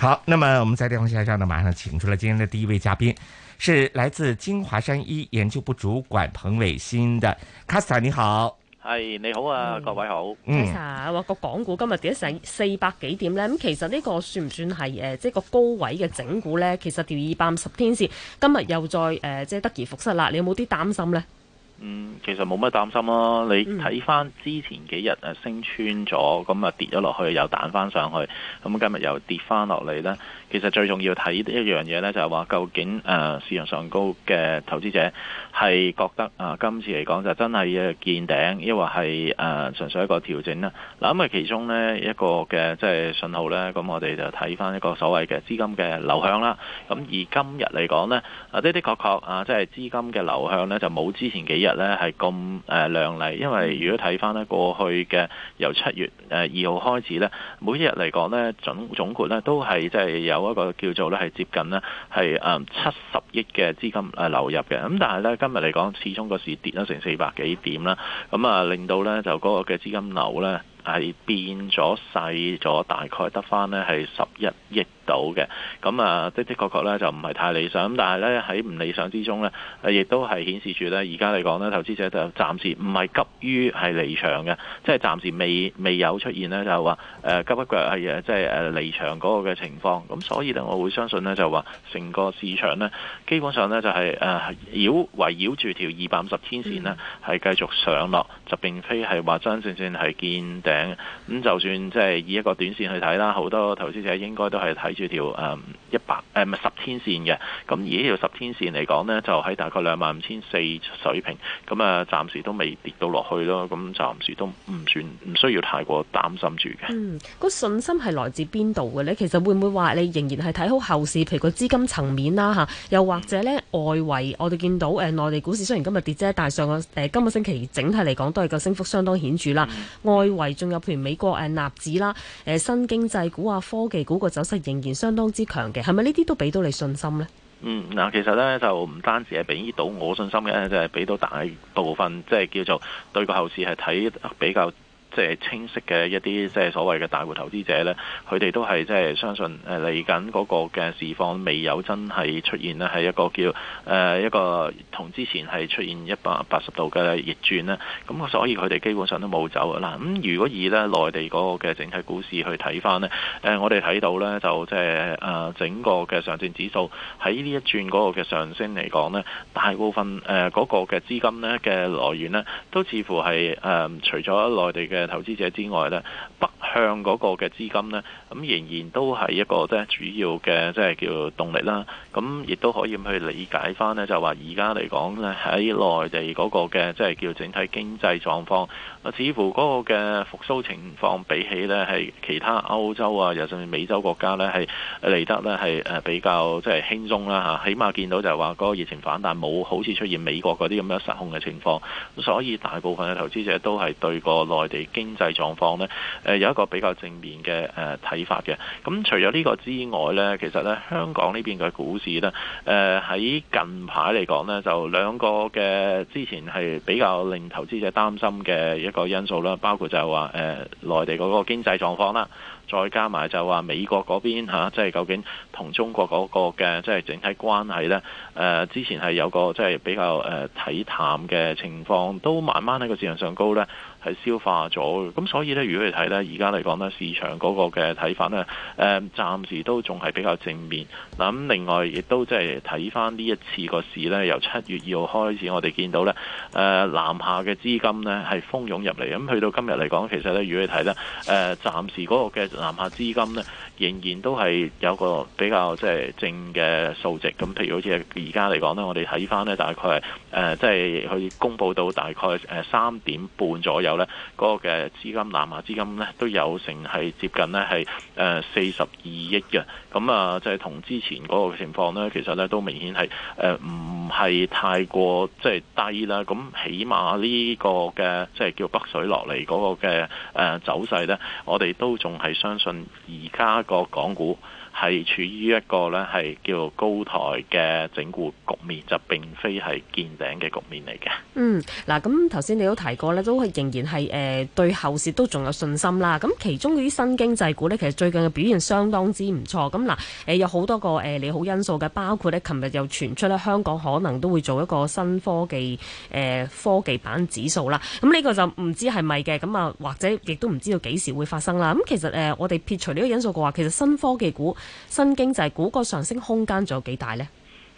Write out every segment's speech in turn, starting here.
好，那麼我們在電話線上呢，馬上請出了今天的第一位嘉賓，是來自京華山一研究部主管彭偉新嘅。Castor 你好，係、嗯、你好啊，各位好。Castor、嗯、話、哎、個港股今日跌咗成四百幾點咧？咁其實呢個算唔算係誒，即、呃、係、個高位嘅整固咧？其實掉二百五十天線，今日又再誒、呃，即係得而復失啦。你有冇啲擔心咧？嗯，其實冇乜擔心咯、啊。你睇翻之前幾日升穿咗，咁、嗯、啊跌咗落去，又彈翻上去，咁今日又跌翻落嚟呢。其實最重要睇一樣嘢呢，就係話究竟誒、呃、市場上高嘅投資者係覺得啊、呃，今次嚟講就真係一個見頂，抑或係誒、呃、純粹一個調整啦。嗱，咁啊其中呢一個嘅即係信號呢，咁我哋就睇翻一個所謂嘅資金嘅流向啦。咁而今日嚟講呢，啊的的確確啊，即、就、係、是、資金嘅流向呢，就冇之前幾日。咧係咁誒靚麗，因為如果睇翻咧過去嘅由七月誒二號開始咧每一日嚟講咧總總括咧都係即係有一個叫做咧係接近咧係誒七十億嘅資金誒流入嘅。咁但係咧今日嚟講，始終個市跌咗成四百幾點啦，咁啊令到呢就嗰個嘅資金流呢係變咗細咗，大概得翻咧係十一億。到嘅，咁啊的的確確咧就唔係太理想，咁但係咧喺唔理想之中呢，亦都係顯示住呢。而家嚟講呢，投資者就暫時唔係急於係離場嘅，即係暫時未未有出現呢。就話誒急一腳係即係誒離場嗰個嘅情況，咁所以呢，我會相信呢，就話成個市場呢，基本上呢，就係誒繞圍繞住條二百五十天線呢，係繼續上落，就並非係話真真正正係見頂，咁就算即係以一個短線去睇啦，好多投資者應該都係睇。呢條誒一百誒十天線嘅，咁而呢條十天線嚟講呢，就喺大概兩萬五千四水平，咁啊暫時都未跌到落去咯，咁暫時都唔算唔需要太過擔心住嘅。嗯，個信心係來自邊度嘅呢？其實會唔會話你仍然係睇好後市？譬如個資金層面啦嚇，又或者呢，外圍，我哋見到誒內地股市雖然今日跌啫，但係上個誒、呃、今個星期整體嚟講都係個升幅相當顯著啦。外圍仲有譬如美國誒納指啦，誒新經濟股啊、科技股個走勢仍仍然相當之強嘅，係咪呢啲都俾到你信心咧？嗯，嗱，其實咧就唔單止係俾到我信心嘅，就係俾到大部分，即係叫做對個後市係睇比較。即、就、係、是、清晰嘅一啲，即係所謂嘅大戶投資者咧，佢哋都係即係相信誒嚟緊嗰個嘅市況未有真係出現咧，係一個叫誒、呃、一個同之前係出現一百八十度嘅逆轉咧。咁所以佢哋基本上都冇走嘅啦。咁如果以咧內地嗰個嘅整體股市去睇翻咧，誒、呃、我哋睇到咧就即係誒整個嘅上證指數喺呢一轉嗰個嘅上升嚟講咧，大部分誒嗰、呃那個嘅資金咧嘅來源咧都似乎係誒、呃、除咗內地嘅。投資者之外呢，北向嗰個嘅資金呢，咁仍然都係一個即係主要嘅即係叫動力啦。咁亦都可以去理解翻呢就話而家嚟講呢，喺內地嗰個嘅即係叫整體經濟狀況，似乎嗰個嘅復甦情況比起呢，係其他歐洲啊，尤其是美洲國家呢，係嚟得呢，係誒比較即係輕鬆啦吓，起碼見到就話嗰個疫情反彈冇好似出現美國嗰啲咁樣失控嘅情況，所以大部分嘅投資者都係對個內地，經濟狀況呢，誒有一個比較正面嘅誒睇法嘅。咁除咗呢個之外呢，其實呢香港呢邊嘅股市呢，誒、呃、喺近排嚟講呢，就兩個嘅之前係比較令投資者擔心嘅一個因素啦，包括就話誒內地嗰個經濟狀況啦，再加埋就話美國嗰邊、啊、即係究竟同中國嗰、嗰個嘅、啊、即係整體關係呢，誒、呃、之前係有個即係比較誒睇、呃、淡嘅情況，都慢慢喺個市場上高呢。係消化咗，咁所以呢，如果你睇呢而家嚟講呢市場嗰個嘅睇法呢，誒、嗯、暫時都仲係比較正面。咁另外亦都即係睇返呢一次個市呢，由七月二號開始，我哋見到呢誒、呃、南下嘅資金呢係蜂擁入嚟。咁去到今日嚟講，其實呢，如果你睇呢誒、呃、暫時嗰個嘅南下資金呢。仍然都係有個比較即係正嘅數值，咁譬如好似而家嚟講呢，我哋睇返呢，大概係即係佢公佈到大概三點半左右呢，嗰、那個嘅資金南下資金呢，都有成係接近呢係四十二億嘅，咁啊即係同之前嗰個情況呢，其實呢都明顯係唔係太過即係、就是、低啦，咁起碼呢個嘅即係叫北水落嚟嗰個嘅走勢呢，我哋都仲係相信而家。個港股，係處於一個呢係叫做高台嘅整固局面，就並非係見頂嘅局面嚟嘅。嗯，嗱，咁頭先你都提過呢都係仍然係誒、呃、對後市都仲有信心啦。咁其中嗰啲新經濟股呢，其實最近嘅表現相當之唔錯。咁嗱、呃，有好多個誒利、呃、好因素嘅，包括呢，琴日又傳出呢，香港可能都會做一個新科技誒、呃、科技板指數啦。咁呢個就唔知係咪嘅，咁啊，或者亦都唔知道幾時會發生啦。咁其實誒、呃，我哋撇除呢個因素嘅話，其實新科技股。新經濟股個上升空間仲有幾大呢？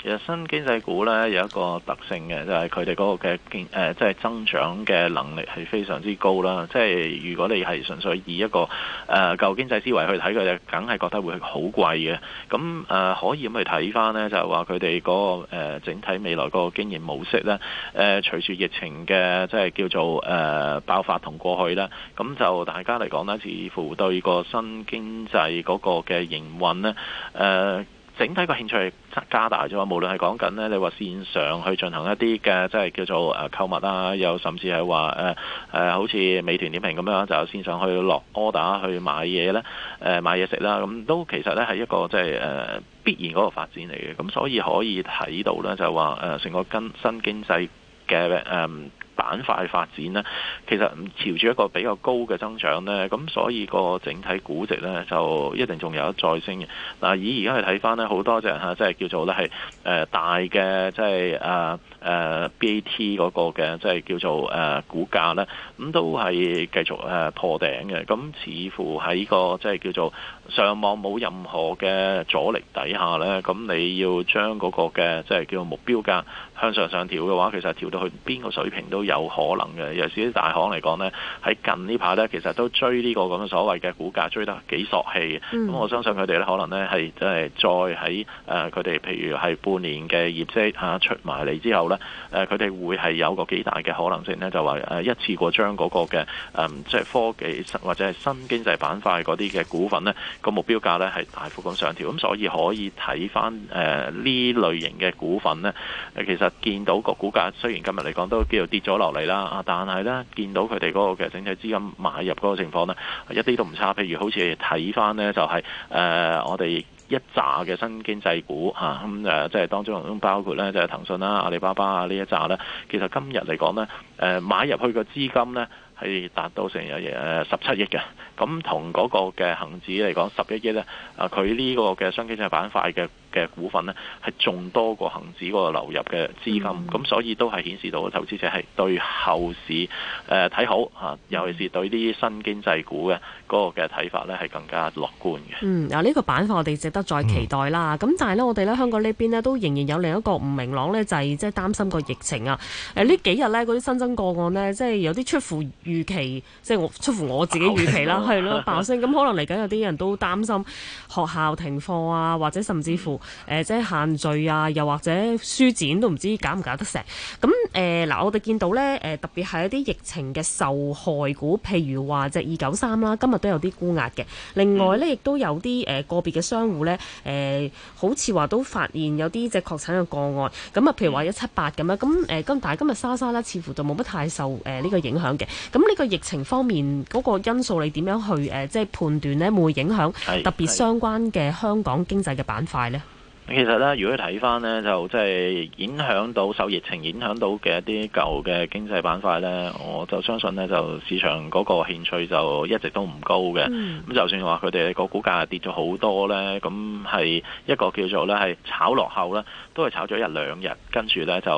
其實新經濟股呢，有一個特性嘅，就係佢哋嗰個嘅經誒即係增長嘅能力係非常之高啦。即係如果你係純粹以一個誒、呃、舊經濟思維去睇佢，梗係覺得會好貴嘅。咁誒、呃、可以咁去睇返呢，就係話佢哋嗰個、呃、整體未來嗰個經營模式呢，誒、呃、隨住疫情嘅即係叫做誒、呃、爆發同過去啦。咁就大家嚟講咧，似乎對個新經濟嗰個嘅營運呢，誒、呃。整體個興趣加大咗，無論係講緊你話線上去進行一啲嘅，即係叫做誒購物啊，又甚至係話誒好似美團點評咁樣，就線上去落 order 去買嘢呢，誒買嘢食啦，咁都其實呢係一個即係誒、呃、必然嗰個發展嚟嘅，咁所以可以睇到呢，就話、係、成個新新經濟嘅誒。呃板塊嘅發展呢，其實朝住一個比較高嘅增長呢。咁所以個整體估值呢，就一定仲有得再升嘅。嗱，以而家去睇翻呢，好多隻、就、嚇、是，即、就、係、是、叫做呢係誒大嘅，即係誒誒 BAT 嗰個嘅，即、就、係、是、叫做誒、uh, 股價呢，咁都係繼續誒、uh, 破頂嘅。咁似乎喺個即係、就是、叫做。上網冇任何嘅阻力底下呢，咁你要將嗰個嘅即係叫做目標價向上上調嘅話，其實調到去邊個水平都有可能嘅。尤其是啲大行嚟講呢，喺近呢排呢，其實都追呢個咁嘅所謂嘅股價追得幾索氣。咁、mm. 我相信佢哋可能呢，係即係再喺誒佢哋譬如係半年嘅業績嚇出埋嚟之後呢，佢、呃、哋會係有個幾大嘅可能性呢，就話一次過將嗰個嘅誒、嗯、即係科技或者係新經濟板塊嗰啲嘅股份呢。個目標價呢係大幅咁上調，咁所以可以睇翻誒呢類型嘅股份呢。其實見到個股價雖然今日嚟講都叫做跌咗落嚟啦，啊，但係呢見到佢哋嗰個嘅整體資金買入嗰個情況呢，一啲都唔差。譬如好似睇翻呢，就係誒我哋一紮嘅新經濟股嚇，咁誒即係當中包括呢，就係騰訊啦、阿里巴巴啊呢一紮呢，其實今日嚟講呢，誒買入去嘅資金呢。係、哎、達到成誒十七億嘅，咁同嗰個嘅恒指嚟講十一億呢，啊佢呢個嘅商機上板塊嘅嘅股份呢，係仲多過恒指嗰個流入嘅資金，咁、嗯、所以都係顯示到投資者係對後市誒睇、呃、好尤其是對啲新經濟股嘅嗰個嘅睇法呢，係更加樂觀嘅。嗯，嗱、這、呢個板塊我哋值得再期待啦。咁、嗯、但係呢，我哋咧香港呢邊呢，都仍然有另一個唔明朗呢，就係即係擔心個疫情啊。呢、呃、幾日呢，嗰啲新增個案呢，即、就、係、是、有啲出乎預期，即、就、係、是、我出乎我自己預期啦，係咯爆升。咁 可能嚟緊有啲人都擔心學校停課啊，或者甚至乎、嗯。誒、呃、即係限聚啊，又或者書展都唔知搞唔搞得成。咁誒嗱，我哋見到呢，誒、呃，特別係一啲疫情嘅受害股，譬如話隻二九三啦，今日都有啲沽壓嘅。另外呢，亦都有啲誒、呃、個別嘅商戶呢，誒、呃、好似話都發現有啲隻確診嘅個案。咁啊，譬如話一七八咁樣。咁誒，咁、呃、但係今日莎莎呢，似乎就冇乜太受誒呢、呃這個影響嘅。咁呢個疫情方面嗰、那個因素，你點樣去誒、呃、即係判斷呢？會唔會影響特別相關嘅香港經濟嘅板塊呢？其實咧，如果你睇翻呢，就即係影響到受疫情影響到嘅一啲舊嘅經濟板塊呢，我就相信呢，就市場嗰個興趣就一直都唔高嘅。咁、嗯、就算話佢哋個股價跌咗好多呢，咁係一個叫做呢，係炒落後呢都係炒咗一兩日，跟住呢就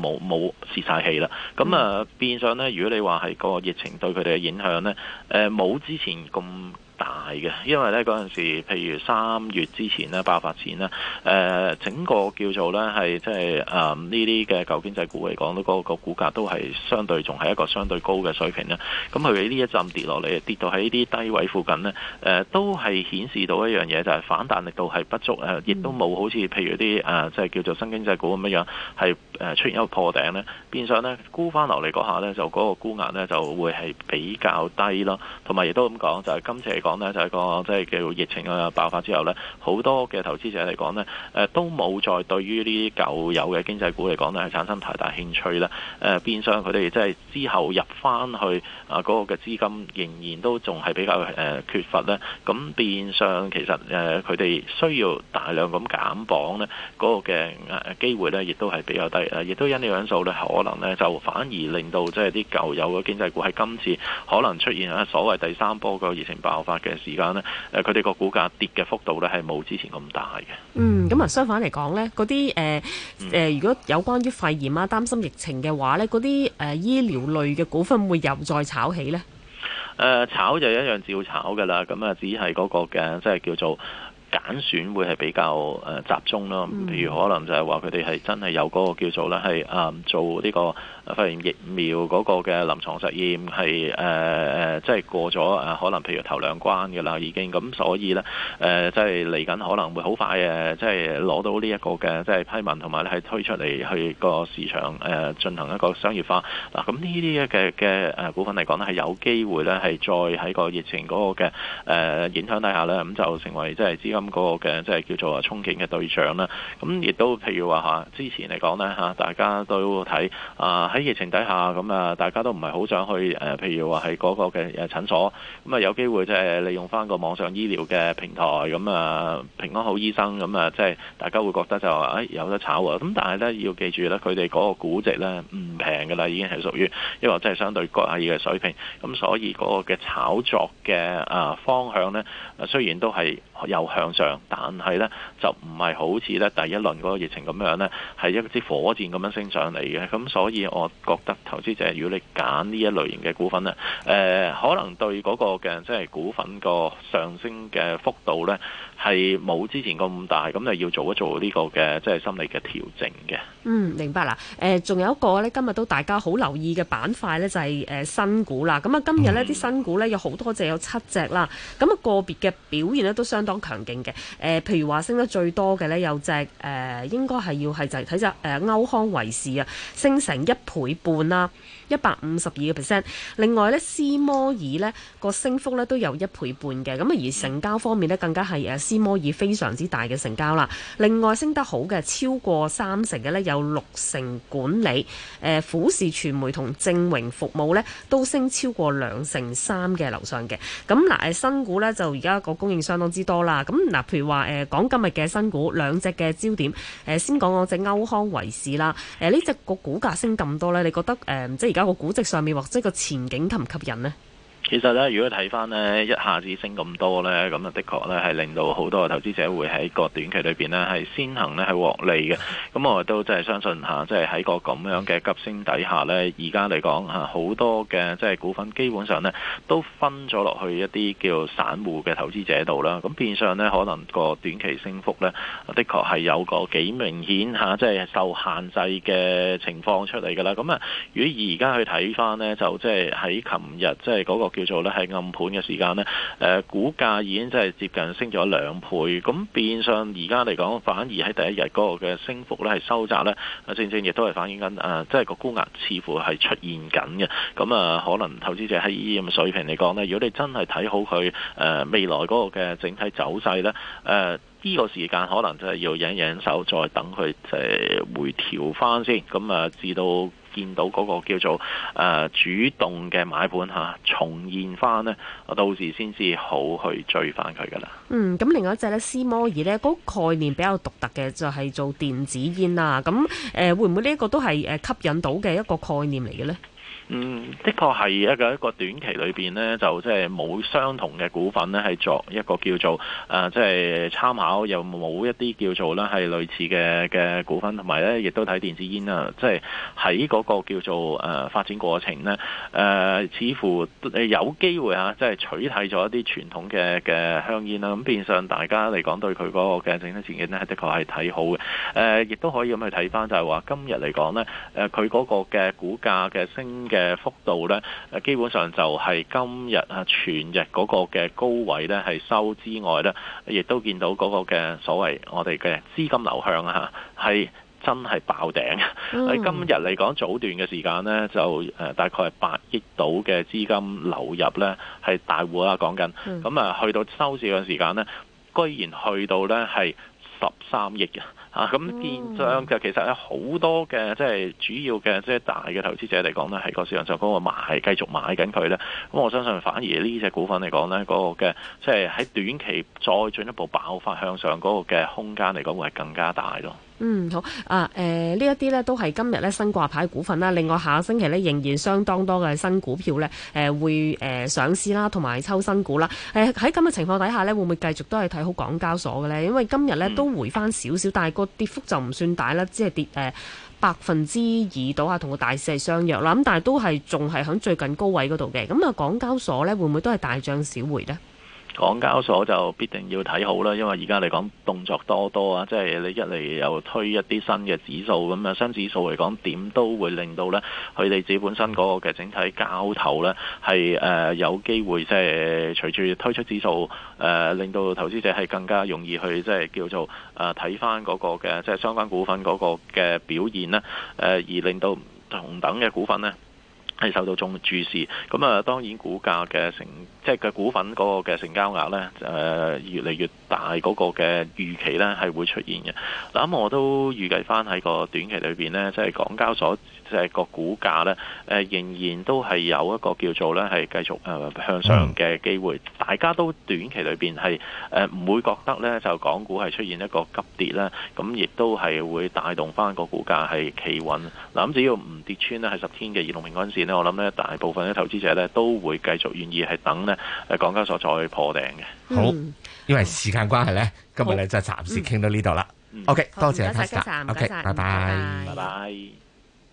冇冇蝕晒氣啦。咁啊，嗯、變相呢，如果你話係個疫情對佢哋嘅影響呢，冇、呃、之前咁。大嘅，因為咧嗰陣時，譬如三月之前咧爆發前咧、呃，整個叫做咧係即係誒呢啲嘅、就是呃、舊經濟股嚟講，都嗰個個股價都係相對仲係一個相對高嘅水平啦。咁佢呢一陣跌落嚟，跌到喺呢啲低位附近呢，誒、呃、都係顯示到一樣嘢，就係、是、反彈力度係不足亦、呃、都冇好似譬如啲誒即係叫做新經濟股咁樣係。誒出現一個破頂咧，變相呢沽翻落嚟嗰下呢，就嗰個沽壓呢就會係比較低咯。同埋亦都咁講，就係今次嚟講呢，就係個即係叫疫情嘅爆發之後呢，好多嘅投資者嚟講呢，誒都冇再對於呢啲舊有嘅經濟股嚟講呢，係產生太大興趣啦。誒變相佢哋即係之後入翻去啊嗰個嘅資金仍然都仲係比較誒缺乏呢。咁變相其實佢哋需要大量咁減磅呢，嗰個嘅機會呢，亦都係比較低。亦都因呢因素咧，可能咧就反而令到即係啲舊有嘅經濟股喺今次可能出現啊所謂第三波個疫情爆發嘅時間呢，誒，佢哋個股價跌嘅幅度咧係冇之前咁大嘅。嗯，咁啊相反嚟講呢，嗰啲誒誒，如果有關於肺炎啊、擔心疫情嘅話呢，嗰啲誒醫療類嘅股份會又再炒起呢？誒，呃，炒就一樣照炒噶啦，咁啊，嗰個，只係嗰個嘅，即係叫做。揀選會係比較誒集中咯，譬如可能就係話佢哋係真係有嗰個叫做咧係誒做呢個肺炎疫苗嗰個嘅臨床實驗係誒誒，即係過咗誒可能譬如頭兩關嘅啦，已經咁，所以咧誒即係嚟緊可能會好快誒，即係攞到呢一個嘅即係批文，同埋咧係推出嚟去個市場誒進行一個商業化嗱，咁呢啲嘅嘅誒股份嚟講呢係有機會咧係再喺個疫情嗰個嘅誒影響底下咧，咁就成為即係資金。咁、那、嗰個嘅即係叫做啊憧憬嘅對象啦。咁亦都譬如話，之前嚟講呢，大家都睇啊喺疫情底下咁啊，大家都唔係好想去，譬如話係嗰個嘅診所咁啊，有機會即係利用翻個網上醫療嘅平台咁啊，平安好醫生咁啊，即係大家會覺得就話、哎、有得炒啊。咁但係呢，要記住咧，佢哋嗰個估值呢唔平㗎喇，已經係屬於因為真係相對個下嘅水平，咁所以嗰個嘅炒作嘅啊方向呢，雖然都係。又向上，但係呢就唔係好似呢第一輪嗰個疫情咁樣呢係一支火箭咁樣升上嚟嘅。咁所以，我覺得投資者如果你揀呢一類型嘅股份呢，誒、呃、可能對嗰個嘅即係股份個上升嘅幅度呢，係冇之前咁大。咁你要做一做呢個嘅即係心理嘅調整嘅。嗯，明白啦。誒、呃，仲有一個呢，今日都大家好留意嘅板塊呢，就係、是、誒新股啦。咁啊，今日呢啲新股呢，有好多隻，有七隻啦。咁啊，個別嘅表現呢，都相當。強勁嘅，誒、呃，譬如話升得最多嘅呢，有隻誒、呃，應該係要係就係睇隻誒歐康維視啊，升成一倍半啦，一百五十二個 percent。另外呢，斯摩爾呢、那個升幅呢，都有一倍半嘅。咁啊，而成交方面呢，更加係誒、啊、斯摩爾非常之大嘅成交啦。另外升得好嘅超過三成嘅呢，有六成管理，誒、呃，虎視傳媒同正榮服務呢，都升超過兩成三嘅樓上嘅。咁嗱，誒、呃，新股呢，就而家個供應相當之多。多啦，咁嗱，譬如話誒，講今日嘅新股兩隻嘅焦點，誒，先講我隻歐康維視啦，誒，呢隻個股價升咁多呢，你覺得誒，即係而家個估值上面或者個前景吸唔吸引呢？其實咧，如果睇翻呢，一下子升咁多呢，咁啊，的確呢係令到好多嘅投資者會喺個短期裏面呢係先行呢係獲利嘅。咁我亦都即係相信下，即係喺個咁樣嘅急升底下呢，而家嚟講嚇，好多嘅即係股份基本上呢都分咗落去一啲叫散戶嘅投資者度啦。咁變相呢，可能個短期升幅呢的確係有個幾明顯下，即係受限制嘅情況出嚟噶啦。咁啊，如果而家去睇翻呢，就即係喺琴日即係嗰個。叫做咧係暗盤嘅時間呢，誒股價已經即係接近升咗兩倍，咁變相而家嚟講，反而喺第一日嗰個嘅升幅咧係收窄咧。啊，正正亦都係反映緊誒，即係個沽壓似乎係出現緊嘅。咁啊，可能投資者喺呢咁水平嚟講呢，如果你真係睇好佢誒、啊、未來嗰個嘅整體走勢呢，誒、啊、呢、呢個時間可能真係要忍忍手，再等佢誒回調翻先。咁啊，至到。見到嗰個叫做、呃、主動嘅買盤嚇、啊，重現翻咧，我到時先至好去追翻佢噶啦。嗯，咁另外一隻咧，思摩爾呢、嗰個概念比較獨特嘅，就係、是、做電子煙啊。咁、呃、會唔會呢一個都係吸引到嘅一個概念嚟嘅呢？嗯，的確係一個一個短期裏邊咧，就即係冇相同嘅股份咧，係作一個叫做誒即係參考，又冇一啲叫做咧係類似嘅嘅股份，同埋咧，亦都睇電子煙啊，即係喺嗰個叫做誒、呃、發展過程咧，誒、呃、似乎有機會啊，即係取締咗一啲傳統嘅嘅香煙啦。咁變相大家嚟講對佢嗰個嘅整體前景咧，的確係睇好嘅。誒、呃，亦都可以咁去睇翻，就係話今日嚟講咧，誒佢嗰個嘅股價嘅升嘅幅度呢，基本上就係今日啊全日嗰個嘅高位呢，係收之外呢，亦都見到嗰個嘅所謂我哋嘅資金流向啊，係真係爆頂。喺、mm. 今日嚟講早段嘅時間呢，就誒大概係百億度嘅資金流入呢，係大戶啊講緊，咁啊去到收市嘅時間呢，居然去到呢係十三億嘅。啊、嗯，咁現象就其實有好多嘅，即係主要嘅，即係大嘅投資者嚟講咧，係個市場上嗰個買繼續買緊佢咧。咁我相信反而呢隻股份嚟講咧，嗰、那個嘅即係喺短期再進一步爆發向上嗰個嘅空間嚟講，會係更加大咯。嗯，好啊，誒、呃，呢一啲咧都係今日咧新掛牌股份啦。另外下個星期咧仍然相當多嘅新股票咧，誒、呃、會誒、呃、上市啦，同埋抽新股啦。誒喺咁嘅情況底下咧，會唔會繼續都係睇好港交所嘅呢？因為今日咧都回翻少少，但係個跌幅就唔算大啦，即係跌誒百分之二到啊，同、呃、個大市係相若啦。咁但係都係仲係喺最近高位嗰度嘅。咁啊，港交所咧會唔會都係大漲小回呢？港交所就必定要睇好啦，因為而家嚟講動作多多啊，即係你一嚟又推一啲新嘅指數咁啊，新指數嚟講點都會令到咧佢哋自己本身嗰個嘅整體交投咧係誒有機會，即係隨住推出指數，誒令到投資者係更加容易去即係叫做誒睇翻嗰個嘅即係相關股份嗰個嘅表現呢誒而令到同等嘅股份咧。係受到重注視，咁啊當然股價嘅成即係嘅股份嗰個嘅成交額呢，誒越嚟越大，嗰個嘅預期呢係會出現嘅。嗱咁我都預計翻喺個短期裏邊呢，即係港交所即係個股價呢，誒仍然都係有一個叫做呢係繼續誒向上嘅機會。大家都短期裏邊係誒唔會覺得呢就港股係出現一個急跌啦，咁亦都係會帶動翻個股價係企穩。嗱咁只要唔跌穿呢係十天嘅移動平均線呢。我諗咧，大部分嘅投資者咧都會繼續願意係等咧，誒，港交所再去破頂嘅。好，因為時間關係咧，嗯，今日咧就暫時傾到呢度啦。OK，嗯，多謝大家，嗯，嗯嗯，OK，謝謝，拜拜，拜拜。拜拜。